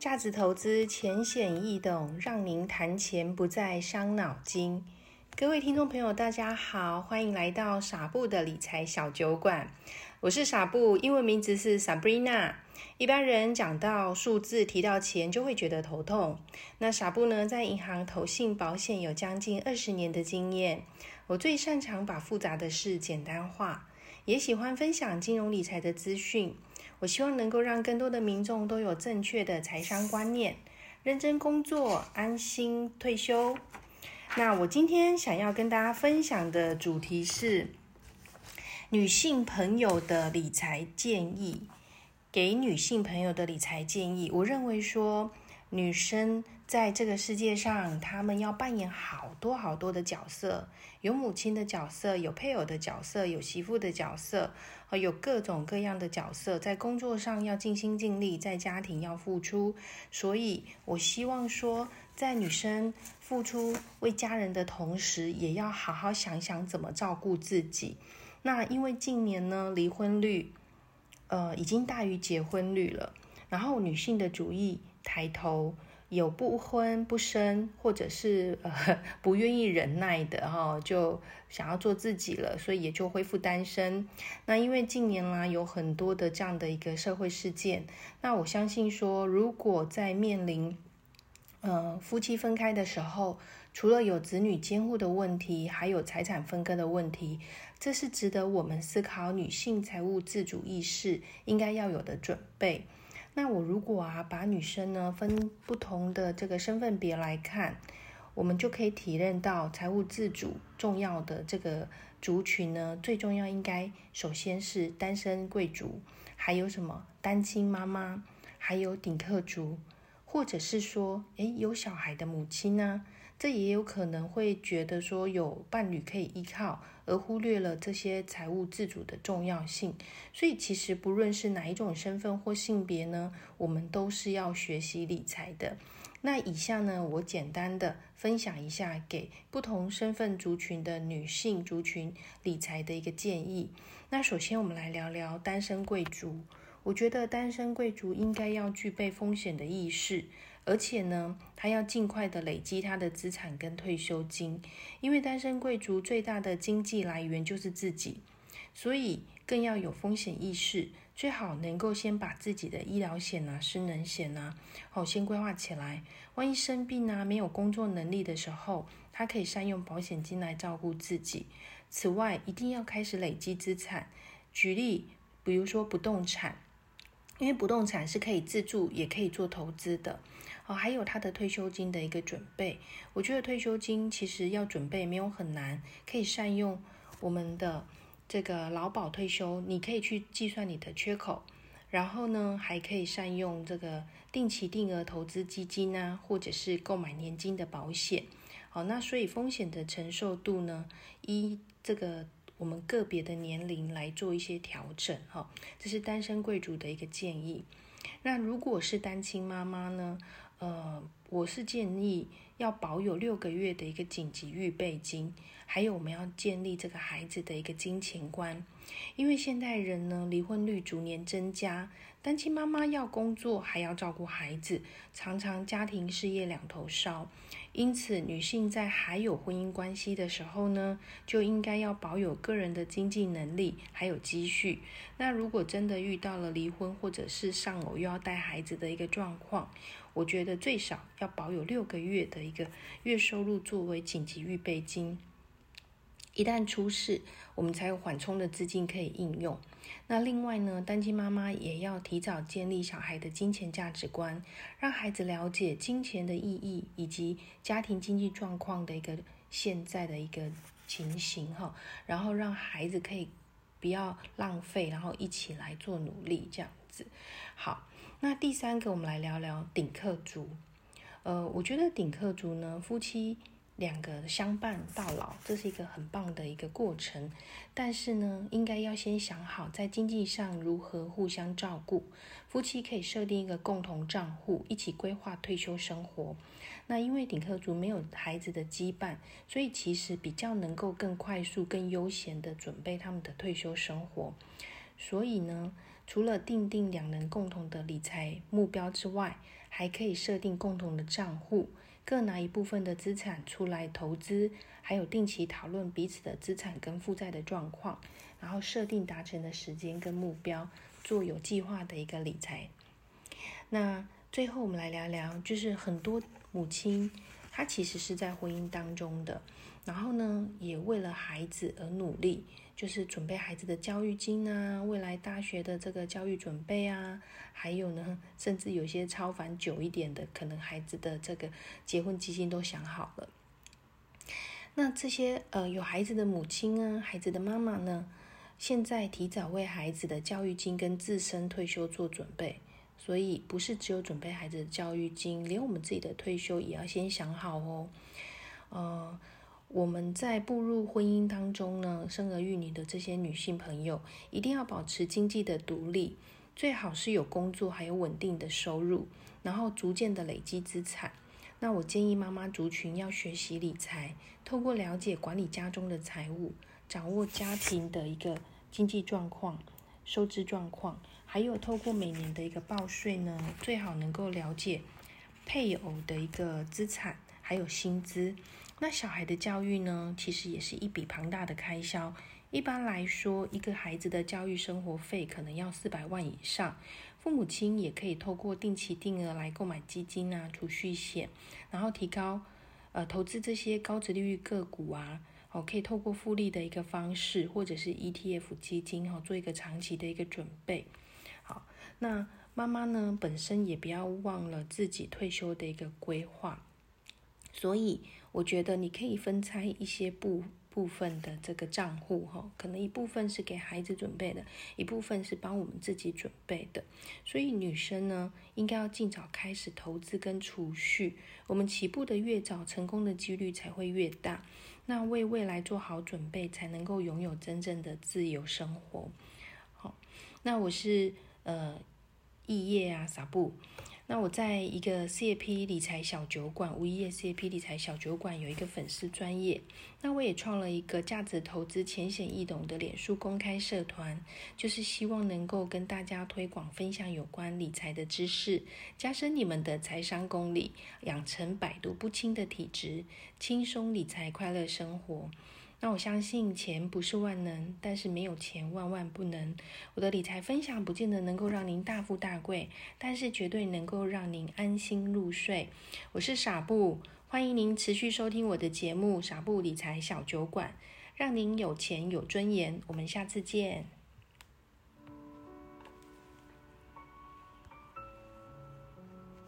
價值投資淺顯易懂，讓您談錢不再傷腦筋。各位聽眾朋友，大家好，歡迎來到傻布的理財小酒館。我是傻布，英文名字是 Sabrina。一般人講到數字，提到錢就會覺得頭痛。那傻布呢，在銀行、投信、保險有將近二十年的經驗。我最擅長把複雜的事簡單化。也喜歡分享金融理財的資訊，我希望能夠讓更多的民眾都有正確的財商觀念，認真工作，安心退休。那我今天想要跟大家分享的主題是女性朋友的理財建議，給女性朋友的理財建議。我認為說女生。在這個世界上，他們要扮演好多好多的角色，有母親的角色，有配偶的角色，有媳婦的角色，呃，有各種各樣的角色。在工作上要盡心盡力，在家庭要付出。所以，我希望說，在女生付出為家人的同時，也要好好想想怎麼照顧自己。那因為近年呢，離婚率，呃，已經大於結婚率了，然後女性的主義抬頭。有不婚不生，或者是呃不願意忍耐的哈、哦，就想要做自己了，所以也就恢復單身。那因為近年啦、啊，有很多的這樣的一個社會事件，那我相信說，如果在面臨呃夫妻分開的時候，除了有子女監護的問題，還有財產分割的問題，這是值得我們思考女性財務自主意識應該要有的準備。那我如果啊，把女生呢分，不同的這個身份別來看，我們就可以體認到財務自主重要的這個族群呢，最重要應該首先是單身貴族，還有什麼單親媽媽，還有頂客族，或者是說，誒，有小孩的母親呢、啊？這也有可能會覺得說有伴侶可以依靠，而忽略了這些財務自主的重要性。所以，其實不論是哪一種身份或性別呢，我們都是要學習理財的。那以下呢，我簡單的分享一下給不同身份族群的女性族群理財的一個建議。那首先，我們來聊聊單身貴族。我覺得單身貴族應該要具備風險的意識。而且呢，他要盡快地累積他的資產跟退休金，因為單身貴族最大的經濟來源就是自己，所以更要有風險意識，最好能夠先把自己的醫療險吶、啊、失能險吶、啊，好先規劃起來。萬一生病啊，沒有工作能力的時候，他可以善用保險金來照顧自己。此外，一定要開始累積資產。舉例，比如說不動產，因為不動產是可以自住，也可以做投資的。哦，還有他的退休金的一個準備。我覺得退休金其實要準備沒有很難，可以善用我們的這個勞保退休，你可以去計算你的缺口，然後呢，還可以善用這個定期定額投資基金啊，或者是購買年金的保險。好，那所以風險的承受度呢，依這個我們個別的年齡來做一些調整。哈，這是單身貴族的一個建議。那如果是單親媽媽呢？呃，我是建議要保有六個月的一個緊急預備金，還有我們要建立這個孩子的一個金錢觀。因為現代人呢，離婚率逐年增加，單親媽媽要工作還要照顧孩子，常常家庭事業兩頭燒。因此，女性在還有婚姻關係的時候呢，就應該要保有個人的經濟能力還有積蓄。那如果真的遇到了離婚或者是喪偶又要帶孩子的一個狀況，我覺得最少要保有六個月的一個月收入作為緊急預備金。一旦出事，我們才有緩衝的資金可以應用。那另外呢，單親媽媽也要提早建立小孩的金錢價值觀，讓孩子了解金錢的意義以及家庭經濟狀況的一個現在的一個情形哈。然後讓孩子可以不要浪費，然後一起來做努力這樣子。好，那第三個，我們來聊聊頂客族。呃，我覺得頂客族呢，夫妻。兩個相伴到老，這是一個很棒的一個過程。但是呢，應該要先想好在經濟上如何互相照顧。夫妻可以設定一個共同賬戶，一起規劃退休生活。那因為頂客族沒有孩子的羈絆，所以其實比較能夠更快速、更悠閒地準備他們的退休生活。所以呢，除了訂定兩人共同的理財目標之外，還可以設定共同的賬戶。各拿一部分的資產出來投資，還有定期討論彼此的資產跟負債的狀況，然後設定達成的時間跟目標，做有計劃的一個理財。那最後我們來聊聊，就是很多母親。他其實是在婚姻當中的，然後呢，也為了孩子而努力，就是準備孩子的教育金啊，未來大學的這個教育準備啊，還有呢，甚至有些超凡久一點的，可能孩子的這個結婚基金都想好了。那這些呃，有孩子的母親啊，孩子的媽媽呢，現在提早為孩子的教育金跟自身退休做準備。所以，不是只有準備孩子的教育金，連我們自己的退休也要先想好哦。呃，我們在步入婚姻當中呢，生兒育女的這些女性朋友，一定要保持經濟的獨立，最好是有工作，還有穩定的收入，然後逐漸的累積資產。那我建議媽媽族群要學習理財，透過了解管理家中的財務，掌握家庭的一個經濟狀況。收支狀況，還有透過每年的一個報稅呢，最好能夠了解配偶的一個資產，還有薪資。那小孩的教育呢，其實也是一筆龐大的開銷。一般來說，一個孩子的教育生活費可能要四百萬以上。父母親也可以透過定期定額來購買基金啊，儲蓄險，然後提高呃投資這些高殖利率個股啊。哦，可以透過複利的一個方式，或者是 ETF 基金，哈，做一個長期的一個準備。好，那媽媽呢，本身也不要忘了自己退休的一個規劃。所以，我覺得你可以分拆一些部部分的這個賬戶，哈，可能一部分是給孩子準備的，一部分是幫我們自己準備的。所以，女生呢，應該要盡早開始投資跟儲蓄。我們起步的越早，成功的幾率才會越大。那為未來做好準備，才能夠擁有真正的自由生活。好，那我是呃，易葉啊，撒布。那我在一個 CAP 理財小酒館，無業 CAP 理財小酒館有一個粉絲專業。那我也創了一個價值投資淺顯易懂的臉書公開社團，就是希望能夠跟大家推廣分享有關理財的知識，加深你們的財商功力，養成百毒不侵的體質，輕鬆理財，快樂生活。那我相信錢不是萬能，但是沒有錢萬萬不能。我的理財分享不見得能夠讓您大富大貴，但是絕對能夠讓您安心入睡。我是傻布，歡迎您持續收聽我的節目《傻布理財小酒館》，讓您有錢有尊嚴。我們下次見。